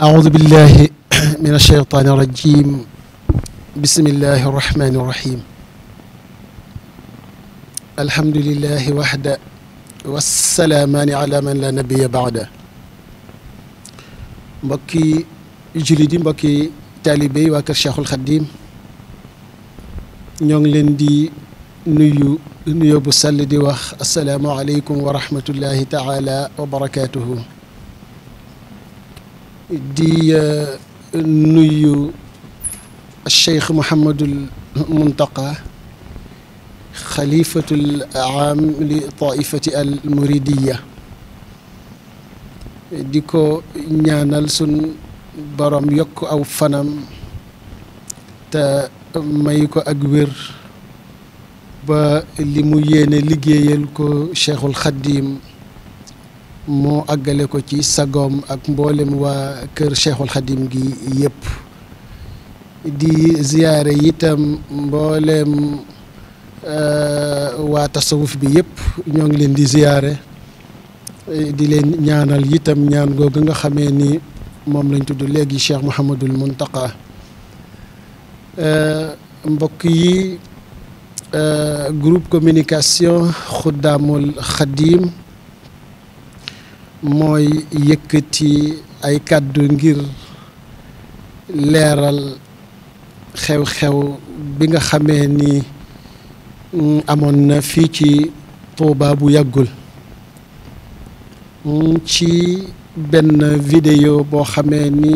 أعوذ بالله من الشيطان الرجيم بسم الله الرحمن الرحيم الحمد لله وحده والسلامان على من لا نبي بعده mbokki jullit yi mbokki taalibe yi waa kër Cheikhul Khadim ñoo ngi leen di nuyu nuyoo bu sell di wax asalaamualeykum wa rahmatullahi taala wa barakaatuhu. di euh, nuyu Cheikh Mouhamadul Muntaqa xalifatul aam li taifati al muridiya di ko ñaanal sun borom yokk aw fanam te may ko ak wér ba li mu yéene liggéeyal ko Cheikhul Xaddiim moo àggale ko ci sagoom ak mboolem waa kër Cheikhul Xadim gi yëpp di ziyaare yitam mboolem eh, waa tasawuf bi yëpp ñoo ngi leen di ziyaare eh, di leen ñaanal itam ñaan googu nga xamee ni moom lañ tudd léegi Cheikh Mouhamadul Muntaqa eh, mbokk yi groupe communication Xuddaamul Xadim mooy yëkkati ay kàddu ngir leeral xew-xew bi nga xamee ni amoon na fii ci Touba bu yàggul mm, ci benn vidéo boo xamee ni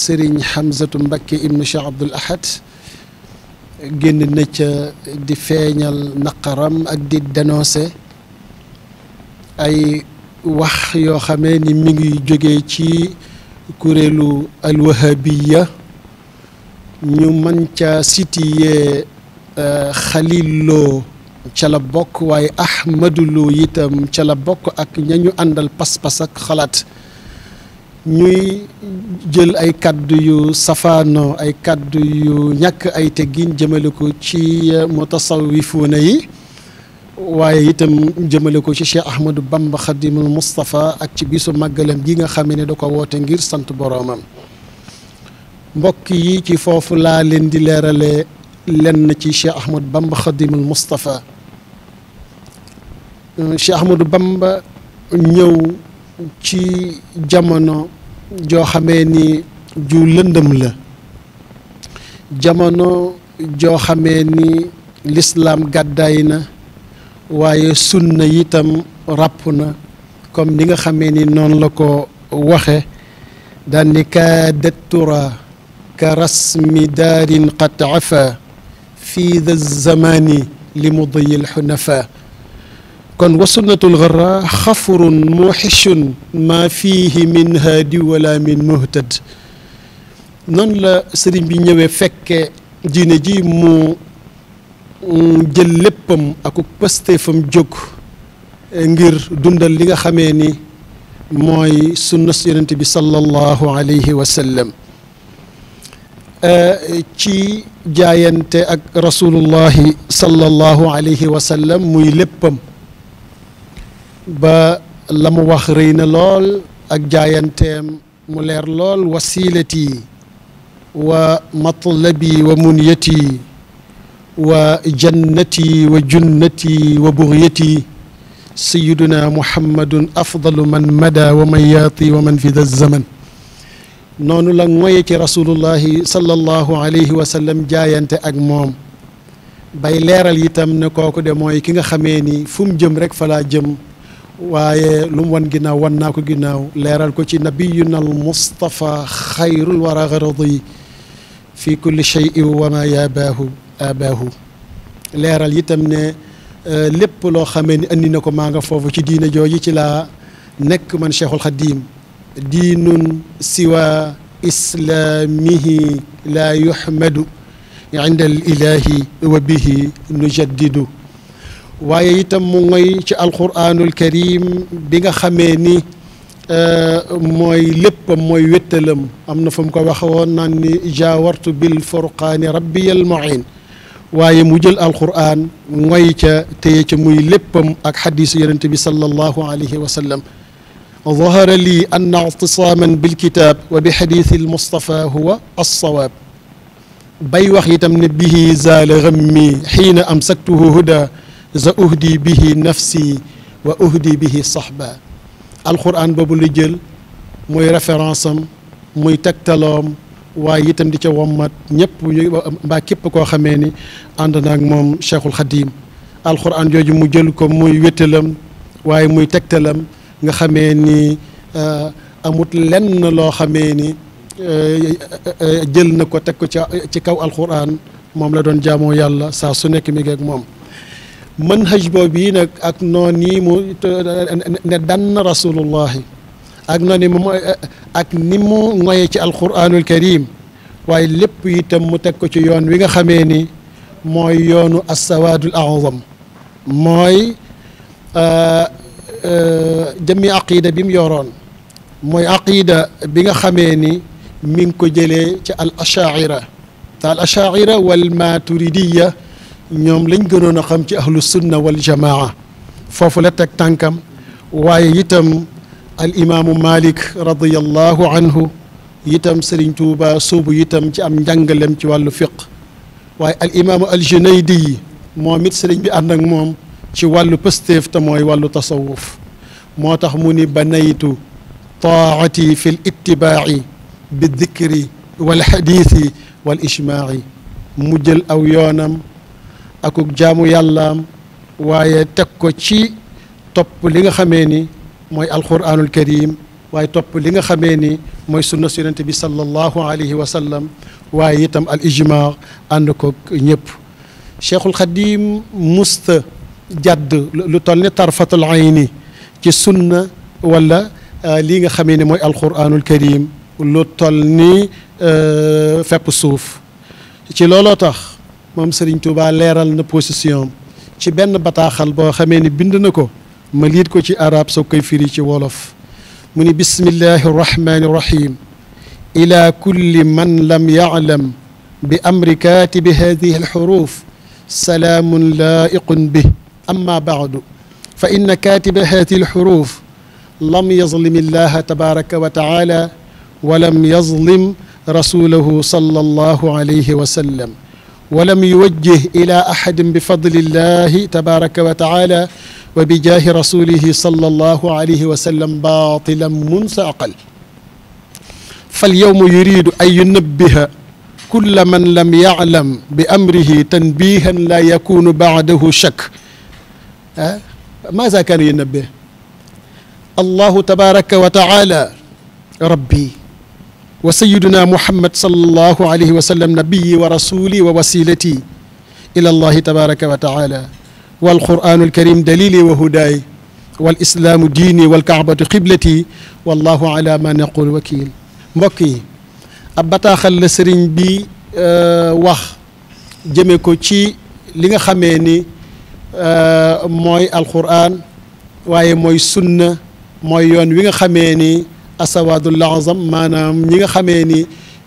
sëriñ Hamzatu Mbacké ibnu Cheikh Abdoul Ahad génn na ca di feeñal naqaram ak di denose ay wax yoo xamee ni mi ngi jóge ci kuréelu alwahabiya ñu mën ca sitiyee euh, Xalil ca la bokk waaye Ahmadu itam ca la bokk ak ña ñu àndal pas-pas ak xalaat ñuy jël ay kàddu yu safaano ay kàddu yu ñàkk ay teggin jëmale ko ci euh, mutasawifuuna yi waaye itam jëmale ko ci Cheikh Ahmadou Bamba Khadimul Moustapha ak ci bisu màggalam gi nga xam ne da ko woote ngir sant boroomam mbokk yi ci foofu laa leen di leerale lenn ci Cheikh Ahmadou Bamba Khadimul Moustapha euh, Cheikh Ahmadou Bamba ñëw ci jamono joo xamee ni ju lëndëm la jamono joo xamee ni lislaam gàddaay na waaye sunna itam ràpp na comme ni nga xamee ni noonu la ko waxe daan ni kaadat tura ka rasmi daarin qad afa fii da zamani li mudiyi lxunafa kon wa sunnatul xarra xafrun muxishun maa fiihi min haadi wala min muhtad noonu la sëriñ bi ñëwee fekke diine ji mu jël léppam ak pësteefam jóg eh, ngir dundal li nga xamee ni mooy sunna yonent bi sallallahu alayhi wa sallam eh, ci jaayante ak rasulullahi sallallahu alayhi wa muy léppam ba la mu wax rëy na lool ak jaayanteem mu leer lool wasilati wa matlabi wa munyati wa jannati wa junnati wa buryati sayiduna muhammadun afdalu man mada wa man yaati wa man fida zaman noonu la ngoye ci rasulullahi sallallahu alayhi jaayante ak moom bay leeral itam ne kooku de mooy ki nga xamee ni fu jëm rek falaa jëm waaye lu wan ginnaaw wan naa ko ginnaaw leeral ko ci nabiyuna al mustafa xayrul wara garadi fi kulli cheyin wa ma yaabaahu abahu leeral yitam ne euh, lépp loo xamee ni andi na ko maa nga foofu ci diina jooju ci laa nekk man cheikhul xadim diinun siwa islaamihi laa yuhmadu inda al itam mu ci alquranul karim bi nga xamee ni euh, mooy léppam mooy wéttalam am na fu mu ko waxe woon naan ni jaawartu rabbi al muin waaye mu jël alquran ngoy ca téye ca muy léppam ak xadisu yonente bi sallallahu alayhi wa sallam dahara lii anna ictisaaman bilkitab wa bi xadiisi almustafa huwa alsawaab bay wax itam ne bihi zaala gammi xiina amsaktuhu huda za uhdi bihi nafsi wa uhdi bihi saxba alquran boobu la jël muy référence am muy tegtaloom waaye itam di ca wommat ñëpp mbaa képp koo xamee ni ànd naag moom cheikhul xadim alxuraan jooju mu jël ko muy wéttalam waaye muy tegtalam nga xamee ni amut lenn loo xamee ni jël na ko teg ko ci ci kaw alxuraan moom la doon jaamoo yàlla saa su nekk mi ngi ak moom manhaj boobu yi nag ak noon yi mu ne dann rasulullahi ak noonu mu ak ni mu ngoyee ci alquranul karim waaye lépp itam mu teg ko ci yoon wi nga xamee ni mooy yoonu assawaadul azam mooy euh, euh, jëmmi aqida bi mu yoroon mooy aqida bi nga xamee ni mi ko jëlee ci al ashaira te al ashaira wal maturidiya ñoom lañ gënoon a xam ci ahlu sunna wal jamaa foofu la teg tànkam waaye itam al imaamu malik radiallahu anhu itam sëriñ tuuba suubu itam ci am njàngalem ci wàllu fiq waaye al imaamu al junaydi yi bi ànd moom ci wàllu pëstéef te mooy wàllu tasawuf moo tax mu ni banaytu taati fi l ittibaai bi dikri wal jël aw yoonam akuk jaamu yàllaam waaye teg ko ci topp li nga xamee ni mooy alquranul karim waaye topp li nga xamee ni mooy sunna su yonente bi sallallahu alayhi wa sallam waaye itam al ijma ànd ko ñëpp cheikhul xadim musta jàdd lu toll ne tarfatul ayni ci sunna wala euh, lii nga xamee ni mooy alquranul karim lu toll ni euh, fepp suuf ci looloo tax moom Serigne Touba leeral na position ci benn bataaxal boo xamee ni bind na ko ma liit ko ci arab soo koy firi ci wolof mu ni bismillahi irrahmani irrahim ila kulli man lam yaclam bi amri kaatibi hadihi alxuruf salaamun laa'iqun bih amma bacdu fa inna kaatiba hadihi alxuruf lam yazlim illaha tabaraka wa taala wa lam yazlim rasulahu sallallahu alayhi wa sallam walam yuwajjih ila ahadin bi fadlillahi tabaraka wa taala wa bi jaahi rasulihi sallallahu alayhi wa sallam baatilan munsaqal fal yowma yuridu an yunabbiha kulla man lam yaclam bi amrihi tanbihan la yakunu bacdahu shak ah maasa kaana yunabbih allahu tabaraka wa taala rabbi wa sayiduna muhammad sallallahu alayhi wa sallam nabiyi wa rasuli wa wasilati ila allahi tabaraka wa taala walquranu alkarim dalili wa hudaay walislaamu diini walkaabatu xiblati wallahu ala ma naqul wakil mbokk yi ab bataaxal la sëriñ bi euh, wax jëme ko ci li nga xamee ni euh, mooy alquran waaye mooy sunna mooy yoon wi nga xamee ni asawaadul azam maanaam ñi nga xamee ni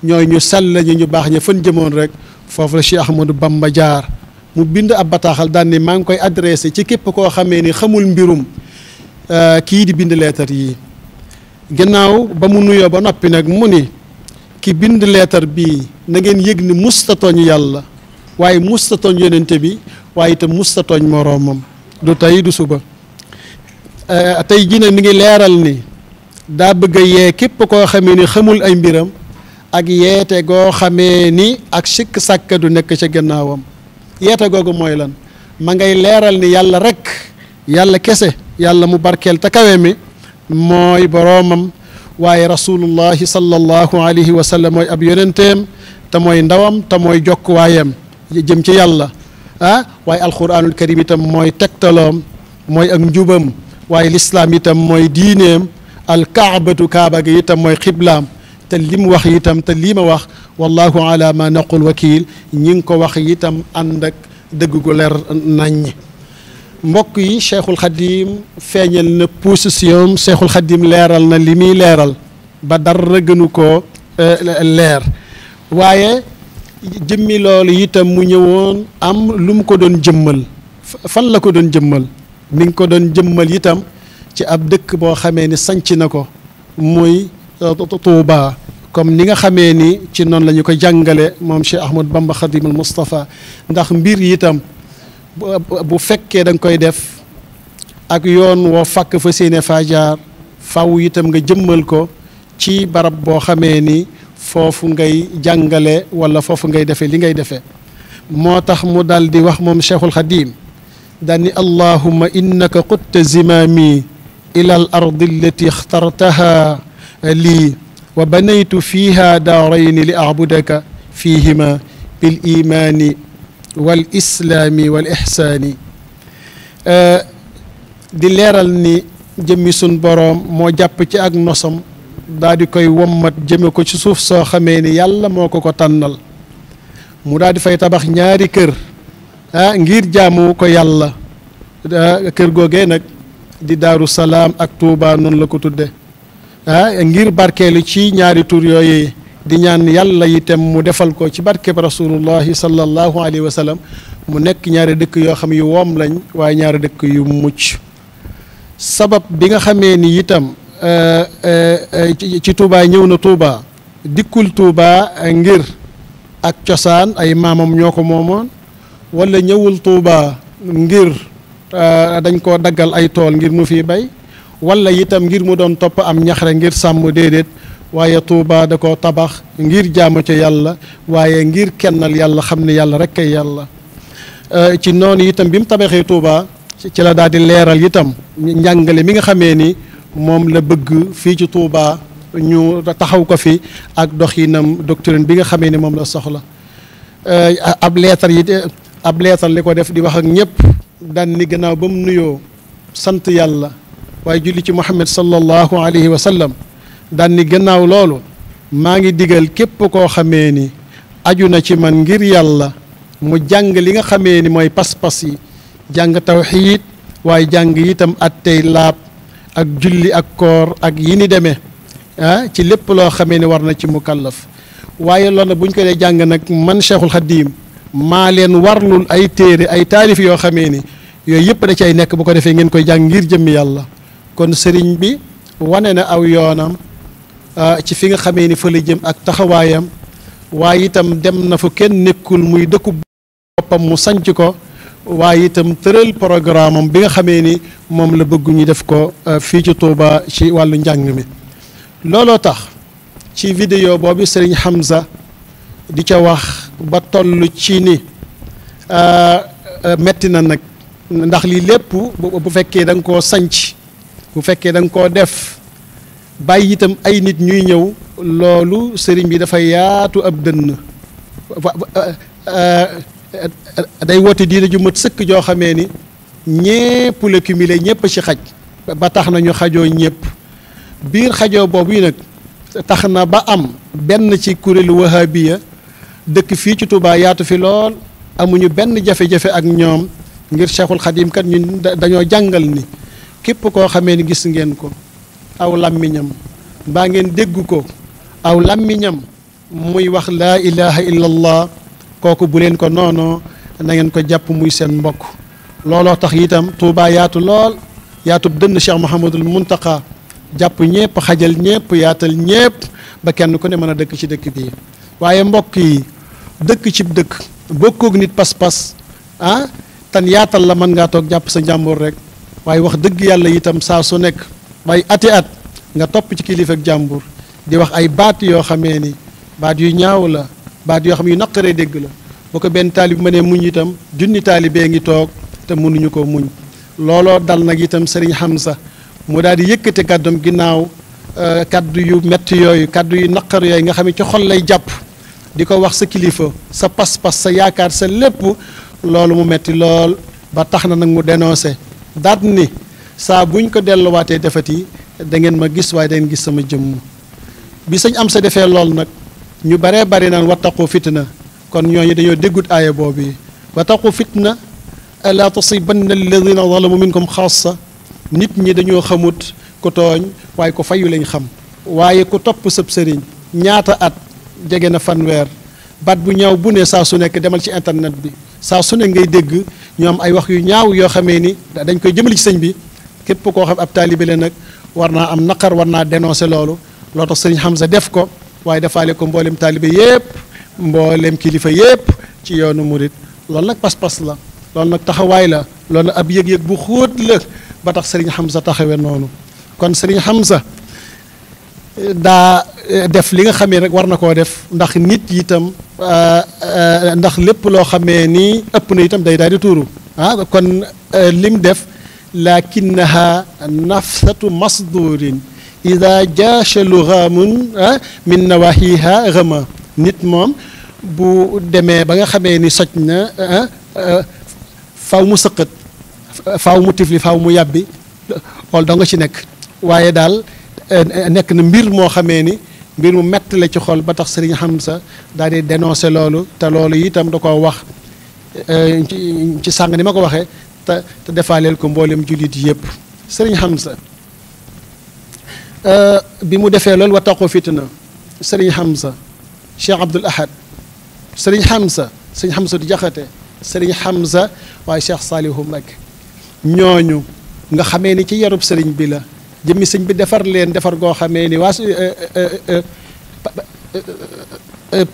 ñooy ñu sell ñi ñu baax ñu fan jëmoon rek foofu la Cheikh Ahmadou Bamba jaar mu bind ab bataaxal daan ne maa ngi koy adressé ci képp koo xamee ni xamul mbirum euh, kii di bind leetar yi gannaaw ba mu nuyoo ba noppi nag mu ni ki bind leetar bii na ngeen yëg ni mustatoñ yàlla waaye mustatoñ yonente bi waaye itam mustatoñ moroomam du tey du suba euh, tey jii nag ngi leeral ni daa bëgg yee képp koo xamee ni xamul ay mbiram ak yeete goo xamee ni ak sikk sàkka du nekk ca gannaawam yeete googu mooy lan ma ngay leeral ni yàlla rek yàlla kese yàlla mu barkeel te kawe mi mooy boroomam waaye rasulullahi sallallahu alayhi wa sallam mooy ab yonenteem te mooy ndawam te mooy jokkuwaayam jëm ci yàlla ah waaye alquranul karim itam mooy tegtaloom mooy ak njubam waaye lislaam itam mooy diineem alkaabatu kaaba gi itam mooy xiblaam te li mu wax itam te lii ma wax wallahu ala ma naqul wakiil ñi ngi ko wax itam ànd ak dëgg gu leer naññ mbokk yi cheikhul xadim feeñal na position cheikhul xadim leeral na li muy leeral ba dara gënu ko eh, leer waaye jëmmi loolu itam mu ñëwoon am lu mu ko doon jëmmal fan la ko doon jëmmal mi ngi ko doon jëmmal itam ci ab dëkk boo xamee ni sanc na ko muy euh, Tuubaa comme ni nga xamee ni ci noonu lañu ñu ko jàngale moom Cheikh Ahmad Bamba Xadimul Mustafa ndax mbir yi bu fekkee da nga koy def ak yoon woo fàkk fa séene faa faw itam nga jëmmal ko ci barab boo xamee ni foofu ngay jàngale walla foofu ngay defee li ngay defee moo tax mu dal di wax moom Cheikhul Xadim daal ni allahumma innaka qutta zimaami ila al ardi allati ixtartaha lii wa banaytu fiha daarayni li abudaka fihima bil imaani wal islaami wal ixsaani di leeral ni jëmmi sun boroom moo jàpp ci ak nosom daa koy wommat jëme ko ci suuf soo xamee ni yàlla moo ko ko tànnal mu daal fay tabax ñaari kër ah, ngir jaamu ko yàlla ah, kër googee nag di daaru salaam ak Touba noonu la ko tudde ah, ngir barkeelu ci ñaari tur yooyu di ñaan yàlla itam mu defal ko ci barkeb rasulullahi sallallahu alayhi wa mu nekk ñaari dëkk yoo xam yi woom lañ waaye ñaari dëkk yu mucc sabab bi nga xamee ni itam eh, eh, ci Touba ñëw na Touba dikkul Touba ngir ak cosaan ay maamam ñoo ko moomoon wala ñëwul Touba ngir Euh, dañ koo daggal ay tool ngir mu fi bay walla itam ngir mu doon topp am ñaxre ngir sàmm déedéet waaye Touba da ko tabax ngir jaamu ci yàlla waaye ngir kennal yàlla xam ne yàlla rek kay yàlla euh, ci noonu yitam bi mu tabaxee Touba ci la daal di leeral itam njàngale mi nga xamee ni moom la bëgg fii ci Touba ñu taxaw ko fi ak doxinam doctrine bi nga xamee ni moom la soxla euh, ab leetar yi de ab leetar li ko def di wax ak ñëpp daan gannaaw ba mu nuyoo sant yàlla waaye julli ci Muhammad sallallahu alayhi wa sallam daan gannaaw loolu maa ngi digal képp koo xamee ni aju na ci man ngir yàlla mu jàng li nga xamee ni mooy pas-pas yi jàng tawxiid waaye jàng itam attey laab ak julli ak koor ak yi ni demee ah ci lépp loo xamee ni war na ci mukallaf waaye loolu nag bu ñu ko dee jàng nag man Cheikhul Xadim maa leen warlul ay téere ay taarif yoo xamee ni yooyu yëpp da cay nekk bu ko defee ngeen koy jàng ngir jëmmi yàlla kon sëriñ bi wane na aw yoonam ah, ci fi nga xamee ni fa la jëm ak taxawaayam waaye itam dem na fu kenn nekkul muy dëkku boppam mu sanc ko waaye itam tëral programme am bi nga xamee ni moom la bëgg ñu def ko ah, fii ci Touba ci wàllu njàng mi looloo tax ci vidéo boobu sëriñ Hamza di ca wax ba toll ci ni euh, euh, metti na nag ndax lii lépp bu fekkee danga koo sanc bu fekkee danga koo def bàyyi itam ay nit ñuy ñëw loolu sëriñ bi dafa yaatu ab dënn euh, day woote diine ju mat sëkk joo xamee ni ñépp la cumulé ñépp ci xaj ba tax na ñu xajoo ñépp biir xajoo boobu yi nag tax na ba am benn ci kuréelu wahabiya dëkk fii ci Touba yaatu fi lool amuñu benn jafe-jafe ak ñoom ngir Cheikhul Khadim kat ñun dañoo jàngal ni képp koo xamee ni gis ngeen ko aw làmmiñam baa ngeen dégg ko aw làmmiñam muy wax laa ilaha illallah kooku bu leen ko noonoo na ngeen ko jàpp muy seen mbokk looloo tax itam Touba yaatu lool yaatub dënn Cheikh Mouhamadul Muntaqa jàpp ñépp xajal ñépp yaatal ñépp ba kenn ku ne mën a dëkk ci dëkk bi waaye mbokk yi dëkk cib dëkk bokkoog nit pas-pas ah tan yaatal la mën ngaa toog jàpp sa njàmboor rek waaye wax dëgg yàlla itam saa su nekk waaye ati at nga topp ci kilifa ak jàmbur di wax ay baat yoo xamee ni baat yu ñaaw la baat yoo xam yu naqaree dégg la bu ko benn taalib mënee muñ itam junni taalibee ngi toog te mënuñu ko muñ looloo dal nag itam Serigne Hamza mu daal di yëkkate kàddam ginnaaw euh, kàddu yu metti yooyu kàddu yu naqar yooyu nga xam ne ci xol lay jàpp di ko wax sa kilifa sa pas-pas sa yaakaar sa lépp loolu mu metti lool ba tax na nag mu dénoncé daat ni saa buñ ko delluwaatee defati yi dangeen ma gis waaye da gis sama jëmm bi sañ am sa defee lool nag ñu baree bari naan wattaqu fitna kon ñooñu dañoo déggut aaya boobu wattaqu fitna la tusibanna alladina zalamu minkum sa nit ñi dañoo xamut ku tooñ waaye ku fayu lañ xam waaye ku topp sëb sëriñ ñaata at jege na fanweer baat bu ñaaw bu ne saa su nekk demal ci internet bi saa su ne ngay dégg ñu am ay wax yu ñaaw yoo xamee ni dañ koy jëmale ci sëñ bi képp koo xam ab taalibe la nag war naa am naqar war naa dénoncer loolu loo tax xam Hamza def ko waaye defaale ko mboolem taalibe yépp mboolem kilifa yépp ci yoonu murit loolu nag pas-pas la loolu nag taxawaay la loolu ab yëg-yëg bu xóot la ba tax xam sa taxawee noonu kon sëriñ Hamza daa eh, def li nga xamee rek war na koo def ndax nit yi itam eh, eh, ndax lépp loo xamee ni ëpp na itam day daal di tuuru ah kon lim def lakinnaha nafsatu masdurin ida jaasha lughaamun ah, min nawahiha rama nit moom bu demee ba nga xamee ni soj na ah, ah, faw mu sëqat faw mu tifli faw mu yàbbi loolu da nga ci nekk waaye daal Eh, eh, nekk na mbir moo xamee ni mbir mu mett la ci xol ba tax sëriñ Hamza daal di dénoncé loolu te loolu itam da koo wax eh, ci sàng ni ma ko waxee te te defaaleel ko mboolem jullit yëpp sëriñ Hamza bi mu defee loolu wa taqu fitna sëriñ Hamza Cheikh Abdoul Ahad sëriñ Hamza sëriñ Hamza du jaxate sëriñ Hamza waaye Cheikh Salihu Mbacké ñooñu nga xamee ni ci yarub sëriñ bi la jëmmi sëñ bi defar leen defar goo xamee ni waa euh, euh, euh,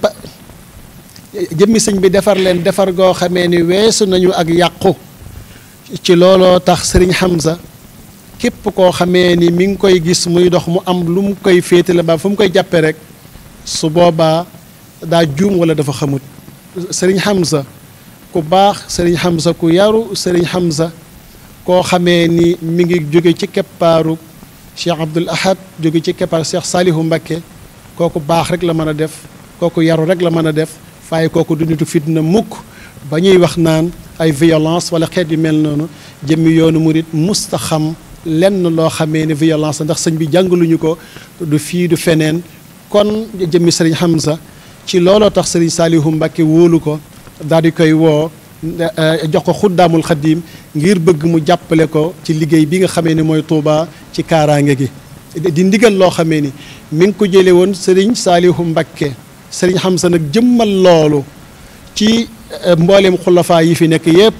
jëmmi sëñ bi defar leen defar goo xamee ni weesu nañu ak yàqu ci looloo tax sëriñ Hamza képp koo xamee ni mi ngi koy gis muy dox mu am lu mu koy féetale ba fu mu koy jàppe rek su boobaa daa juum wala dafa xamut sëriñ Hamza ku baax sëriñ Hamza ku yaru sëriñ Hamza koo xamee ni mu ngi jóge ci keppaaru Cheikh Abdoul Ahad jóge ci keppar Cheikh Salihu Mbakke kooku baax rek la mën a def kooku yaru rek la mën a def faaye kooku du nitu fitna mukk ba ñuy wax naan ay violence wala xeet yi mel noonu jëmmi yoonu murit musta xam lenn loo xamee ne violence ndax sëñ bi jàngaluñu ko du fii du feneen kon jëmmi sëriñ Hamza ci looloo tax sëriñ Salihu Mbakke wóolu ko daal di koy woo Euh, jox ko xuddaamul xaddiim ngir bëgg mu jàppale ko ci liggéey bi nga xamee ni mooy Touba ci kaaraange gi di ndigal loo xamee ni mi ngi ko jële woon Serigne Saalihu Mbakke sëriñ Hamza nag jëmmal loolu ci euh, mboolem xulafaa yi fi nekk yépp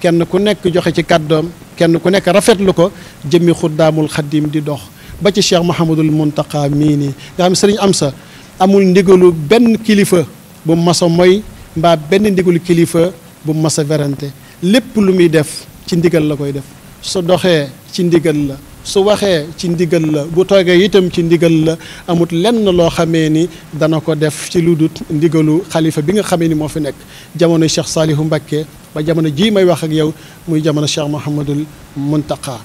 kenn ku nekk joxe ci kàddoom kenn ku nekk rafetlu ko jëmmi xuddaamul xaddiim di dox ba ci Cheikh Mouhamadul Mountakha mii nii nga xam Serigne Amsa amul ndigalu benn kilifa bu maso mooy mbaa benn ndigalu kilifa bu mas a werante lépp lu muy def ci ndigal la koy def su doxee ci ndigal la su waxee ci ndigal la bu toogee itam ci ndigal la amut lenn loo xamee ni dana ko def ci lu dut ndigalu xalifa bi nga xamee ni moo fi nekk jamono Cheikh Saalihu Mbakke ba jamono jii may wax ak yow muy jamono Cheikh Mouhamadul Muntaqa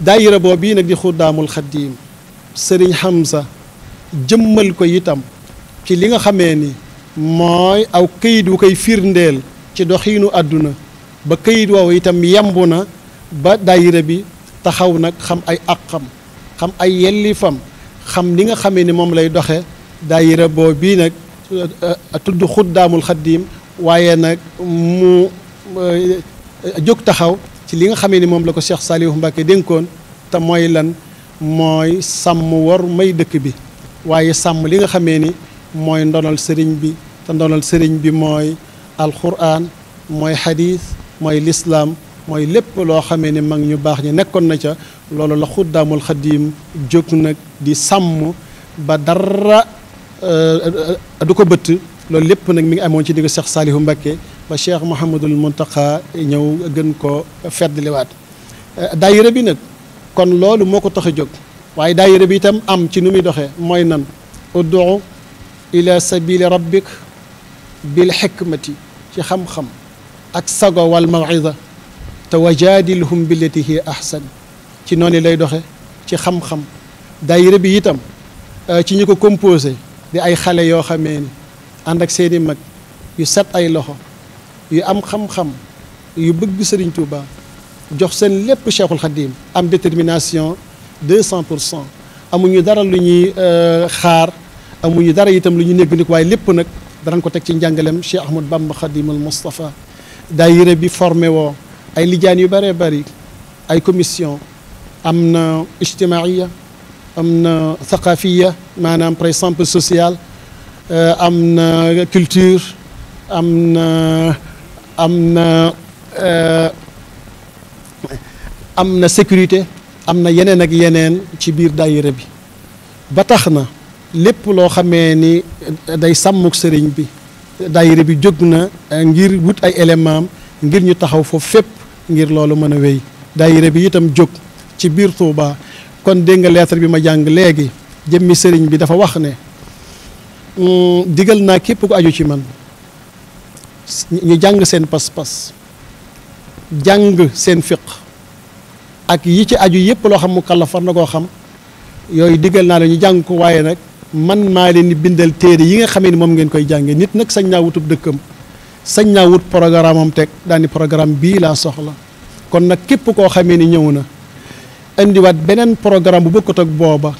daayira boobu bii nag di xuddaamul xaddiim sëriñ Hamza jëmmal ko itam ci li nga xamee ni mooy aw kayit wu koy firndeel ci doxiinu àdduna ba këyit wow itam yemb na ba daayira bi taxaw nag xam ay àqam xam ay fam xam li nga xamee ni moom lay doxe daayira boo bii nag euh, tudd xuddaamul xaddiim waaye nag mu euh, jóg taxaw ci li nga xamee ni moom la ko Cheikh Saliou Mbacke dénkoon te mooy lan mooy sàmm war may dëkk bi waaye sàmm li nga xamee ni mooy ndonal sëriñ bi te ndonal sëriñ bi mooy alquran mooy xadiis mooy lislaam mooy lépp loo xamee ni mag ñu baax ñi nekkoon na ca loolu la xuddaamul xadiim jóg nag di sàmm ba dara euh, du ko bëtt loolu lépp nag mi ngi amoon ci diggu Cheikh Saalihu Mbakke ba Cheikh Mouhamadul Muntaqa ñëw gën ko feddliwaat euh, daayira bi nag kon loolu moo ko tax a jóg waaye daayira bi itam am ci nu muy doxee mooy nan uddu ila sabili rabbik bil xikmati ci xam-xam ak sago wal mawida te wajaadilhum billati hiya ahsan ci noonu lay doxe ci xam-xam daayira bi itam euh, ci ñu ko composé di ay xale yoo xamee ni ànd ak seeni mag yu set ay loxo yu am xam-xam yu bëgg Sëriñ Tuuba jox seen lépp Cheikhul Khadim am détermination deux cent pour cent amuñu dara lu ñuy euh, xaar amuñu dara itam lu ñu négg nag waaye lépp nag danañ ko teg ci njàngaleem Cheikh Ahmad Bamba Khadimul Moustapha daayira bi formé woo ay lijaan yu bëree bari ay commission am na ijtimaiya am na thaqafiya maanaam par exemple social euh, am na culture am na am euh, am na sécurité am na yeneen ak yeneen ci biir daayira bi ba tax na lépp loo xamee ni day sàmmuk sëriñ bi daayira bi jóg na eh, ngir wut ay élément am ngir ñu taxaw foofu fépp ngir loolu mën a wéy daayira bi itam jóg ci biir Touba kon dégg nga bi ma jàng léegi jëmmi sëriñ bi dafa wax ne hmm, digal naa képp ku aju ci man ñu jàng seen pas-pas jàng seen fiq ak yi ci aju yépp loo xam mu kàlla na koo xam yooyu digal naa la ñu jàng ko waaye nag man maa leen di bindal téere yi nga xamee ni moom ngeen koy jàngee nit nag sañ naa wutub dëkkam sañ naa wut programme am teg daani programme bii laa soxla kon nag képp koo xamee ni ñëw na indiwaat beneen programme bu bokkut ak booba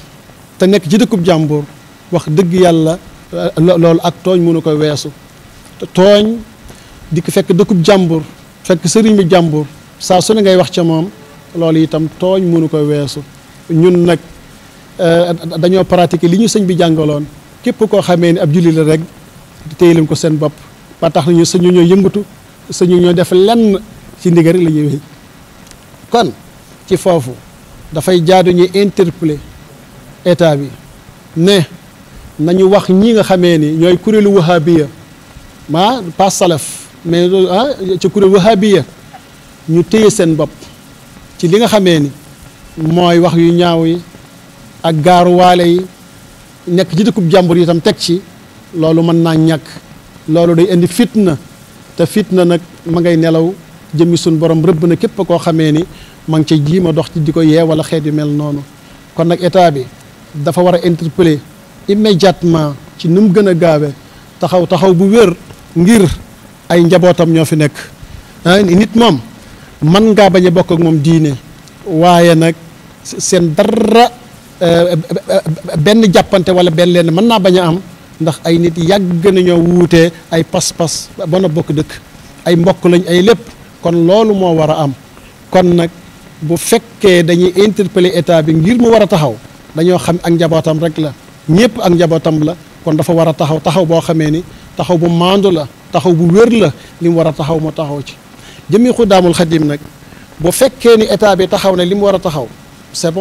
te nekk ci dëkkub jàmbur wax dëgg yàlla euh, lool ak tooñ mënu ko weesu te tooñ di ko fekk dëkkub jàmbur fekk sëriñ bi jàmbur saa su ne ngay wax ca moom loolu itam tooñ mënu ko weesu ñun nag Euh, dañoo pratiquer li ñu sëñ bi jàngaloon képp koo xamee ni ab julli la rek téye leen ko seen bopp ba tax nañu sëñu ñoo yëngatu sëñu ñoo def lenn ci ndigal la ñuy wéy kon ci foofu dafay jaadu ñu interpeller état bi ne nañu wax ñi nga xamee ni ñooy kuréelu wahabiya ma pas salaf mais ah ci kuréelu wahabiya ñu téye seen bopp ci li nga xamee ni mooy wax yu ñaaw yi ak gaaru yi nekk ci dëkkub jàmbur yi itam teg ci loolu mën naa ñàkk loolu day indi fitna te fitna nag ma ngay nelaw jëmmi suñ borom rëbb na képp koo xamee ni ma ngi ca ji ma dox ci di ko yee wala xeet yu mel noonu kon nag état bi dafa war a interpeller immédiatement ci nu mu gën a gaawe taxaw taxaw bu wér ngir ay njabootam ñoo fi nekk ah, nit moom man ngaa bañ a bokk ak moom diine waaye nag seen dara Euh, benn jàppante wala benn lenn mën naa bañ a am ndax ay nit yàgg nañoo wuutee ay pas-pas ba na bokk dëkk ay mbokk lañ ay lépp kon loolu moo war a am kon nag bu fekkee dañuy interpeller état bi ngir mu war a taxaw dañoo xam ak njabootam rek la ñëpp ak njabootam la kon dafa war a taxaw taxaw boo xamee ni taxaw bu maandu la taxaw bu wér la li mu war a taxaw mu taxaw ci jëmi Xudaamul Xadim nag bu fekkee ni état bi taxaw ne li mu war a taxaw c'est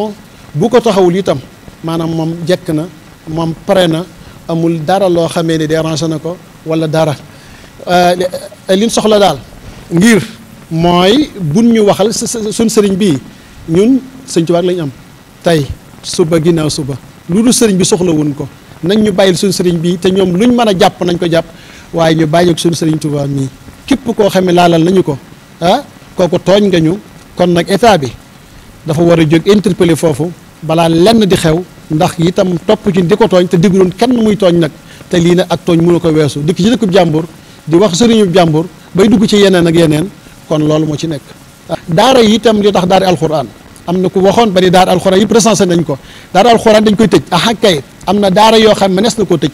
bu ko taxawul itam maanaam moom jekk na moom pare na amul dara loo xamee ne déranger na ko wala dara euh, lin soxla daal ngir mooy buñ ñu waxal suñ sëriñ bi ñun sëñ Tuubaa lañu am tey suba ginnaaw suba lu dul sëriñ bi soxla wuñ ko nañ ñu bàyyil suñ sëriñ bii te ñoom luñ mën a jàpp nañ ko jàpp waaye ñu bàyyi ak suñ sëriñ Tuubaa mii képp koo xam ne laalal nañu ko ah kooku tooñ nga ñu kon nag état bi dafa war a jóg interpeller foofu balaa lenn di xew ndax itam topp ci di ko tooñ te digguloon kenn muy tooñ nag te lii nag ak tooñ mënu ko weesu dikk ci dëkkub jàmbur di wax sëriñu jàmbur bay dugg ci yeneen ak yeneen kon loolu moo ci nekk daara yi itam li tax daara alxuraan am na ku waxoon ba ni daara alxuraan yëpp recensé nañ ko daara alxuraan dañ koy tëj ah kay am na daara yoo xam mënees na koo tëj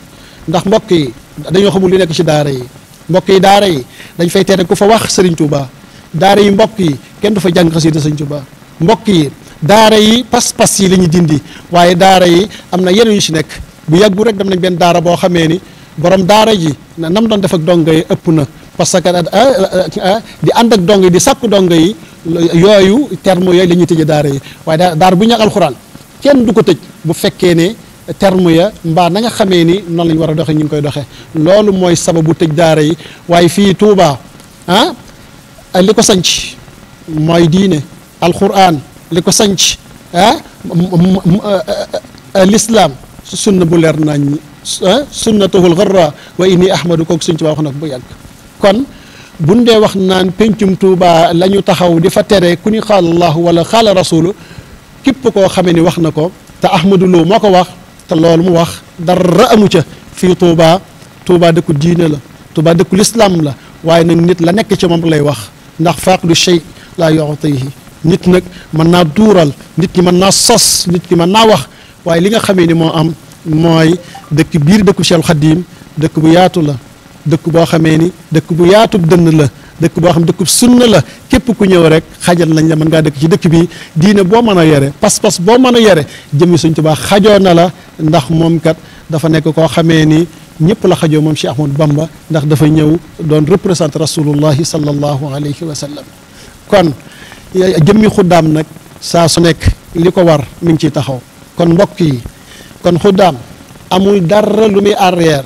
ndax mbokk yi dañoo xamul li nekk ci daara yi mbokk yi daara yi dañ fay tere ku fa wax sëriñ Touba daara yi mbokk yi kenn du fa jàng xasida sëriñ Touba mbokk yi daara yi pas-pas yi la ñu dindi waaye daara yi am na yeneen yu ci nekk bu yàggu rek dem nañ benn daara boo xamee ni borom daara ji na nam doon def ak dongo yi ëpp na parce que euh, euh, euh, di ànd ak dongo yi di sàkku dongo yi yooyu terme yooyu la ñuy tëjee daara yi waaye daa daara bu ñu alxuraan kenn du ko tëj bu fekkee ne terme ya mbaa na nga xamee ni noon lañu war a doxe ñu ngi koy doxee loolu mooy bu tëj daara yi waaye fii Touba ah li ko sanc mooy diine alxuraan li ko sanc ah, ah, ah, ah lislaam sunna bu leer nañ sunnatuhul xarra wa inni ahmadu kooku suñ tubaa wax na ko bu yàgg kon buñ dee wax naan pencum tuubaa la ñu taxaw di fa tere ku ni xaala allahu wala xaala rasulu képp koo xame ni wax na ko te ahmadu loo moo ko wax te loolu mu wax dara amu ca fii tuubaa tuubaa dëkku diine la tuubaa dëkku lislaam la waaye nag nit la nekk ci moom lay wax ndax faaqdu shay laa yuutihi nit nag mën naa duural nit ki mën naa sos nit ki man naa wax waaye li nga xamee ni moo am mooy dëkk biir dëkku Cheikh Khadim dëkk bu yaatu la dëkk boo xamee ni dëkk bu yaatub dënn la dëkk boo xam dëkk sunna la képp ku ñëw rek xajal nañ la mën ngaa dëkk ci dëkk bi diine boo mën a yore pas-pas boo mën a yore jëmmi Sëñ Tuubaa xajoo na la ndax moom kat dafa nekk koo xamee ni ñëpp la xajoo moom Cheikh Ahmadou Bamba ndax dafa ñëw doon représenté rasulullahi sallallahu alayhi wa sallam kon jëmmi xuddaam nag saa su nekk li ko war mi ngi ciy taxaw kon mbokk yi kon xuddaam amul dara lu muy arrière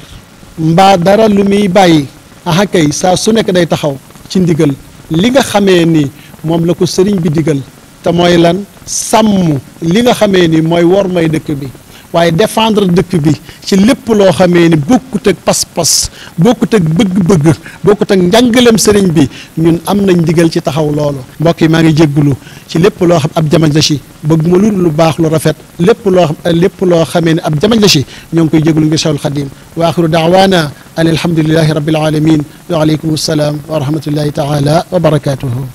mbaa dara lu muy bàyyi aha kay saa su nekk day taxaw ci ndigal li nga xamee ni moom la ko sëriñ bi digal te mooy lan sàmm li nga xamee ni mooy wor may dëkk bi waaye defendre dëkk bi ci lépp loo xamee ni bokkut ak pas-pas bokkut ak bëgg-bëgg bokkut ak njàngaleem sëriñ bi ñun am nañ ndigal ci taxaw loolu mbokk yi maa ngi jéggulu ci lépp loo xam ab jaman la ci bëgg ma lu lu baax lu rafet lépp loo xam lépp loo xamee ni ab jaman la ci ñoo ngi koy jéggulu ngir Cheikhul Khadim wa axiru daawaana an alhamdulilahi rabbil alamin wa aleykum assalaam wa rahmatullahi taala wa barakatuhu